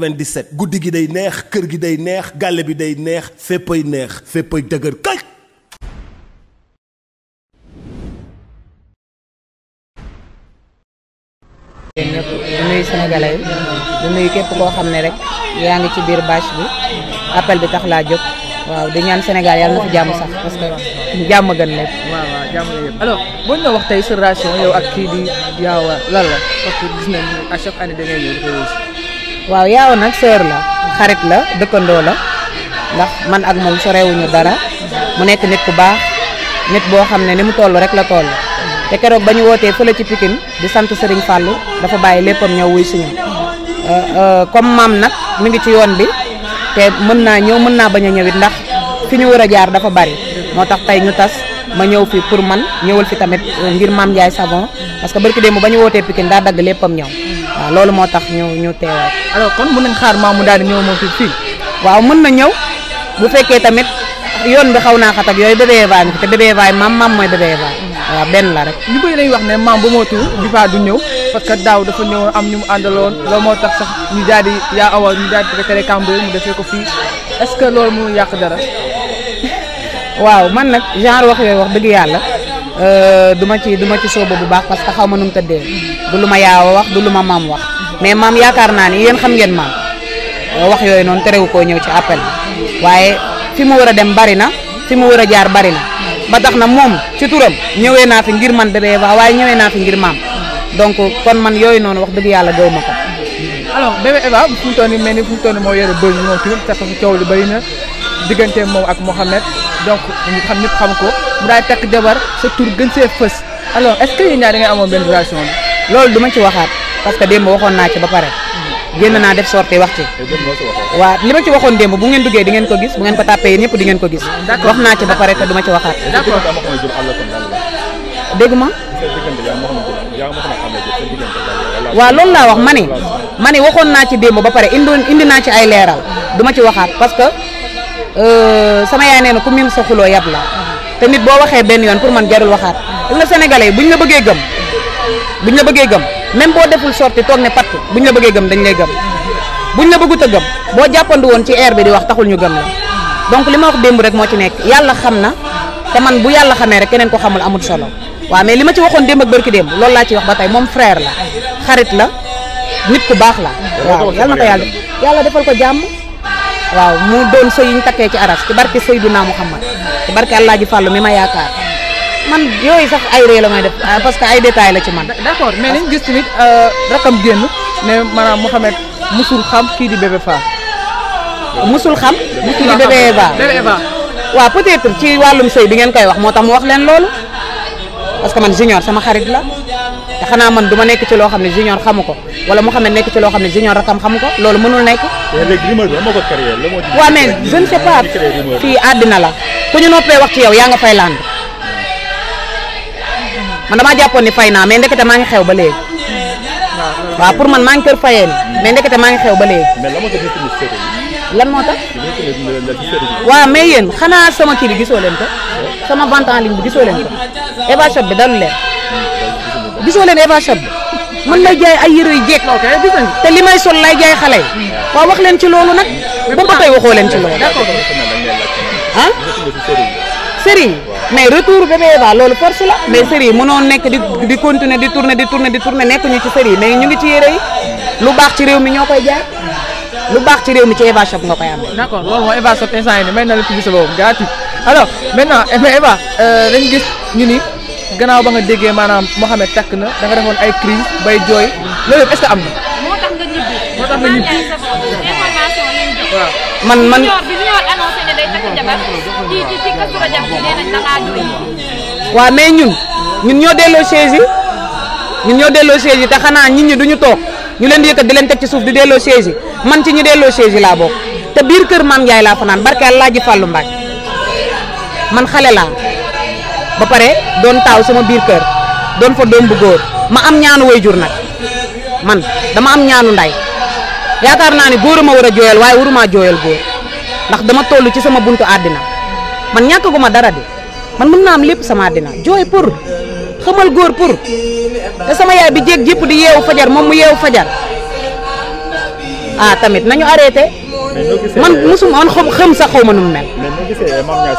97 guddi gi day neex kër gi day neex gàlle bi day neex féppay neex féppay dëgër kay du nuyu sénégalais yi du nuyu képp koo xam ne rek yaa ngi ci biir bâche bi appel bi tax laa jóg waaw di ñaan senegal yàlla na fi jàmm sax parce que jàmm gën lépp. waaw waaw la yëpp alors boo ñu wax tey sa yow ak kii di yaawa lan la parce que gis nañu à chaque année da ngay ñëw di waaw yaaw nag sœur la xarit la dëkkandoo la ndax man ak moom sorewuñu dara mu nekk nit ku baax nit boo xam ne ni mu toll rek la toll te keroog ba ñu wootee fële ci Pikine di sant Serigne Fallou dafa bàyyi léppam ñëw wuy suñu euh, euh, comme maam nag mu ngi ci yoon bi te mën naa ñëw mën naa bañ a ñëwit ndax fi ñu war a jaar dafa bari moo tax tey ñu tas ma ñëw fi pour man ñëwal fi tamit euh, ngir maam Ndiaye Savon parce que barki démb ba ñu wootee Pikine daa dagg léppam ñëw waaw loolu moo tax ñu ñu alors kon mën nañ xaar mu daal di ñëw moom fii. waaw mën na ñëw bu fekkee tamit yoon bi xaw naa xat ak yooyu bébé Eva ngi fi te bébé Eva maam maam mooy bébé Eva. waaw benn la rek. ñu bëri lañuy wax ne maam bu moo tudd Diva du ñëw parce que daaw dafa ñëw am ñu mu àndaloon loolu moo tax sax ñu daal di yaa awal ñu daal di préféré kàmb mu defee ko fii est-ce que loolu mu yàq dara. waaw man nag genre wax yooyu wax dëgg yàlla. Euh, du ma ci du ma ci sooba bu baax parce que xaw ma nu mu dee du lu ma yaaw wax du lu ma maam wax mais maam yaakaar naa ni yéen xam ngeen maam euh, wax yooyu noonu terewu koo ñëw ci appel waaye fi mu war a dem bari na fi mu war a jaar bari na ba tax na moom ci turam ñëwee naa ngir man de bébé Eva waaye ñëwee naa fi ngir maam donc kon man yooyu noonu wax dëgg yàlla gaw ma ko. alors bébé fu mu toll mel ni fu mu toll nii moo yore bëri moom tamit parce que coow li bëri na diggante moom ak donc ñu xam xam ko. mu daay takk jabar sa tur gën see fës da ngay amoon benn relation loolu du ma ci waxaat parce que démb waxoon naa ci ba pare. génn naa def sortie wax ci. waaw li ma ci waxoon démb bu ngeen duggee di ngeen ko gis bu ngeen ko tàppee yéen di ngeen ko gis. wax naa ci ba pare te du ma ci waxaat. d'accord dégg ma. waaw loolu laa wax ma ne ma ne waxoon naa ci démb ba pare indi indi naa ci ay leeral du ci waxaat parce que euh, sama yaay nee na ku miin sa xuloo yab la te nit boo waxee benn yoon pour man jarul waxaat gis nga sénégalais yi buñ la bëggee gëm buñ la bëggee gëm même boo deful sorti toog ne patt buñ la bëggee gëm dañ lay gëm buñ la bëggut a gëm boo jàppandu woon ci air bi di wax taxul ñu gëm la donc li ma wax démb rek moo ci nekk yàlla xam na te man bu yàlla xamee rek keneen ko xamul amul solo waaw mais li ma ci waxoon démb ak bërki démb loolu laa ci wax ba tey moom frère la xarit la nit ku baax la waaw yàlla na waaw mu doon sëy yuñ takkee ci aras ci barke Seydina Muhammad ci barke Alaaji Fàllu mi ma yaakaar man yooyu sax ay ree la may def ah, parce que ay détails la ci man. d'accord mais nañ gis tamit euh, rakam génn ne maanaam Mouhamed musul xam kii di bébé Fall. musul xam kii di bébé Eva bébé Eva waaw peut-être ci wàllum sëy bi ngeen koy wax moo tax mu wax leen loolu parce que man junior sama xarit la te xanaa man du ma nekk ci loo xam ne junior xamu ko wala Mouhamed nekk ci loo xam ne junior rakam xamu ko loolu mënul nekk. léegi rumeur bi lan ko créé lan moo waaw mais je ne sais fii àddina la ku ñu noppee wax ci yow yaa nga fay land man damaa jàppoon ni fay naa mais ndekete maa ngi xew ba léegi. waaw pour man maa ngi kër fayeen mais ndekete maa ngi xew ba léegi. mais lan moo tax lan moo tax. waaw mais yéen xanaa sama kii bi gisoo leen ko. sama vente en ligne bi gisoo leen ko. Eva bi dalu leen. gisoo leen Eva mën na jaay ay yére yu jeeg te li may sol lay jaay xale yi hmm. waaw wax leen ci loolu nag ba tay tey leen ci loolu ah sëriñ mais retour bébé Eva loolu force la mais sëriñ mënoo nekk di di continuer di tourner di tourner di tourner nekk ñu ci sëriñ mais ñu ngi ci yére yi hmm. lu baax ci réew mi ñoo koy jaay hmm. lu baax ci réew mi ci Eva Shop nga koy amee. d'accord loolu mooy Eva Shop instant yii nii may na la publicité boobu gratuit alors maintenant eh, mais Eva euh, dañu gis ñu ni. gannaaw ba nga déggee maanaam Mouhamed takk na da nga defoon ay crise bay jooy loolu yëpp est que am na. moo tax waaw mais ñun ñun ñoo delloo chaise yi ñun ñoo delloo chaise yi te xanaa nit ñi duñu toog ñu leen di yëkkat di leen teg ci suuf di delloo chaise yi man ci ñu delloo chaise laa bokk te biir kër maam Ndiaye laa fanaan barke Alaaji Fàllu Mbacké man xale laa. ba pare doon taaw sama biir kër doon fa doom bu góor ma am ñaanu wayjur nag man dama am ñaanu nday yaakaar naa ne góor ma war a jooyal waaye waruma jooyal góor ndax dama toll ci sama bunt àddina man ñàkkaguma dara de man mën naa am lépp sama àddina jooy pour xamal góor pour te sama yaay bi jéeg jépp di yeewu fajar moom mu yeewu fajar ah tamit nañu arrêté. man mosuma man xam xam sax xaw ma nu mu mel. mais noo gisee Mame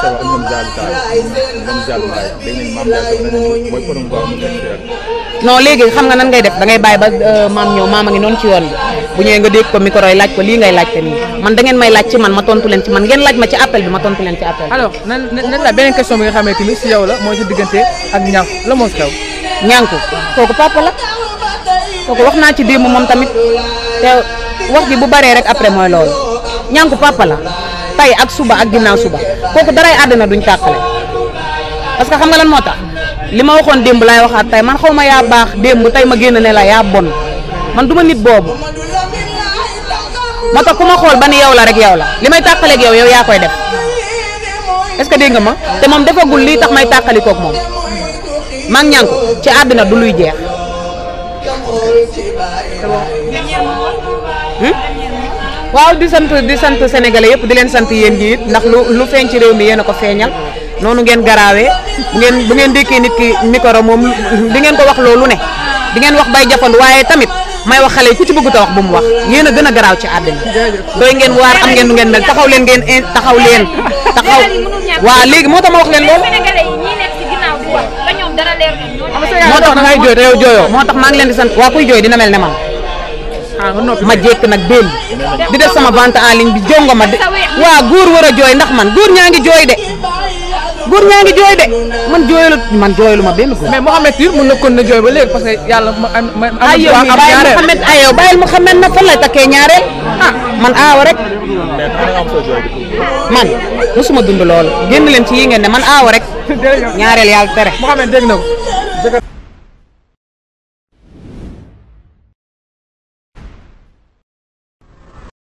Ndiaye léegi xam nga nan ngay def da ngay bàyyi ba euh, maam ñëw maam a ngi noonu ci woon bi bu ñëwee nga dégg ko micro yi laaj ko lii ngay laajte nii man da ngeen may laaj ci man ma tontu leen ci man ngeen laaj ma ci appel bi ma tontu leen ci appel bi. alors nan nan la beneen question bi nga xamante ni si yow la moo si diggante ak ñànku la moo si xew. ñànku kooku papa la kooku wax naa ci démb moom tamit te wax gi bu baree rek après mooy loolu ñànku papa la tey ak suba ak ginnaaw suba kooku daray àddina duñ tàqale parce que xam nga lan moo tax li ma waxoon démb laay waxaat tey man xaw ma yaa baax démb tey ma génn ne la yaa bon man du ma nit boobu moo tax ku ma xool ba ni yow la rek yow la li may tàqaleeg yow yow yaa koy def est-ce que dégg ma te moom defagul lii tax may tàqalikoog moom maa ngi ci àddina du luy jeex. Hmm? waaw di sant di sant sénégalais yëpp di leen sant yéen ji ndax lu lu feeñ ci réew mi yéen a ko feeñal noonu ngeen garaawee ngeen bu ngeen dékkee nit ki micro moom di ngeen ko wax loolu ne di ngeen wax bay jafandu waaye tamit may wax xale yi ku ci bëgg ta wax bu mu wax yéen gën a garaaw ci àddina doy ngeen waar am ngeen nu ngeen mel taxaw leen ngeen taxaw leen taxaw waaw léegi moo tax ma wax leen loolu moo tax ngay jooy te yow jooyoo moo tax maa ngi jooy dina mel ne Ah, ma jekk nag benn di def sama vente en ligne bi jongo ma de waa góor war a jooy ndax man góor ñaa ngi jooy de góor ñaa ngi jooy de man jooylu man jooylu ma benn góor. mais Mouhamed Tour mën na kon jooy ba léegi parce que yàlla ma am ma. am na am ñaareel ayoo bàyyil Mouhamed na fan la takkee ñaareel ah man aawa rek. man mosuma dund lool génn leen ci yi ngeen ne man aawa rek. ñaareel yàlla tere. Mouhamed dégg